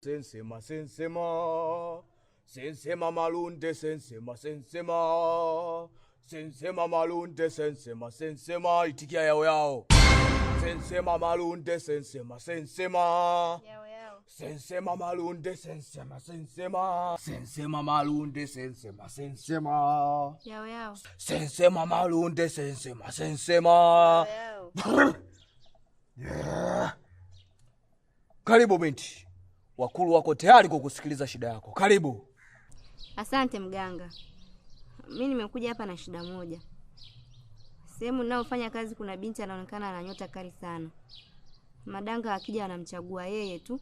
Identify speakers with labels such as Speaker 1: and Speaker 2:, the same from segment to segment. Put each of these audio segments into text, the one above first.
Speaker 1: Sensema, sensema, sensema malunde, sensema, sensema, sensema malunde, sensema, sensema, itikia yao yao. Sensema malunde, sensema, sensema. Yao yao sensema malunde sensema sensema sensema malunde sensema sensema yao yao sensema malunde sensema sensema yao yao yeah. Karibu binti, wakulu wako tayari kukusikiliza shida yako. Karibu.
Speaker 2: Asante mganga, mi nimekuja hapa na shida moja. Sehemu ninayofanya kazi kuna binti anaonekana ananyota kali sana. Madanga akija anamchagua yeye tu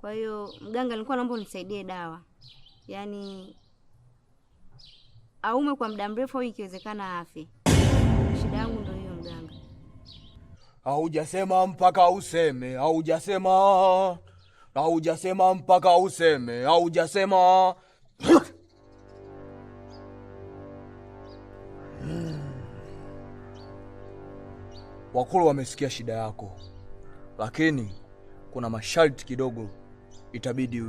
Speaker 2: kwa hiyo mganga, nilikuwa naomba unisaidie dawa, yaani aume kwa muda mrefu au ikiwezekana afe. Shida yangu ndio hiyo mganga.
Speaker 1: Haujasema mpaka useme, haujasema, haujasema mpaka useme, haujasema Wakulu wamesikia shida yako, lakini kuna masharti kidogo itabidi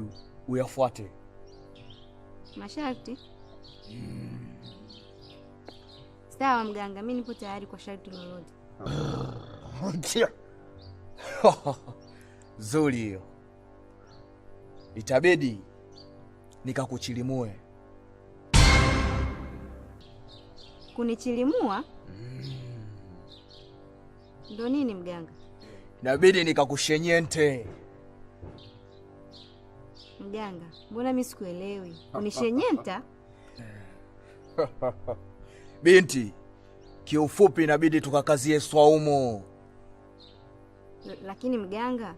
Speaker 1: uyafuate
Speaker 2: masharti. Hmm. Sawa mganga, mi nipo tayari kwa sharti lolote.
Speaker 1: Zuri hiyo, itabidi nikakuchilimue.
Speaker 2: Kunichilimua? Ndo nini mganga?
Speaker 1: Inabidi nikakushenyente.
Speaker 2: Mganga, mbona mimi sikuelewi? Unishenyenta
Speaker 1: eh. binti. Kiufupi inabidi tukakazie swaumu.
Speaker 2: lakini mganga,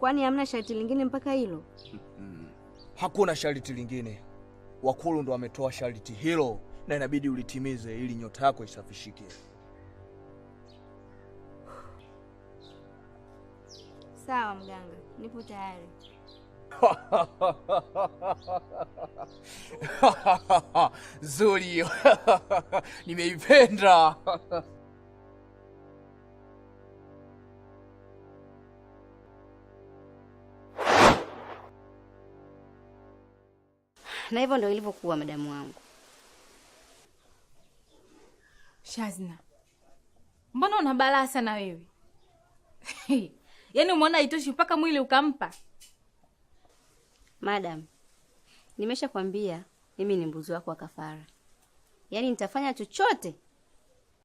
Speaker 2: kwani hamna sharti lingine mpaka hilo?
Speaker 1: Hakuna sharti lingine, wakulu ndo wametoa sharti hilo na inabidi ulitimize ili nyota yako isafishike.
Speaker 2: Sawa mganga, nipo tayari.
Speaker 1: Zuri, nimeipenda.
Speaker 2: Na hivyo ndio ilivyokuwa, madamu wangu.
Speaker 3: Shazna, mbona una balaa sana wewe? yaani umeona haitoshi mpaka mwili ukampa.
Speaker 2: Madam, nimeshakwambia mimi ni mbuzi wako wa kafara, yaani nitafanya chochote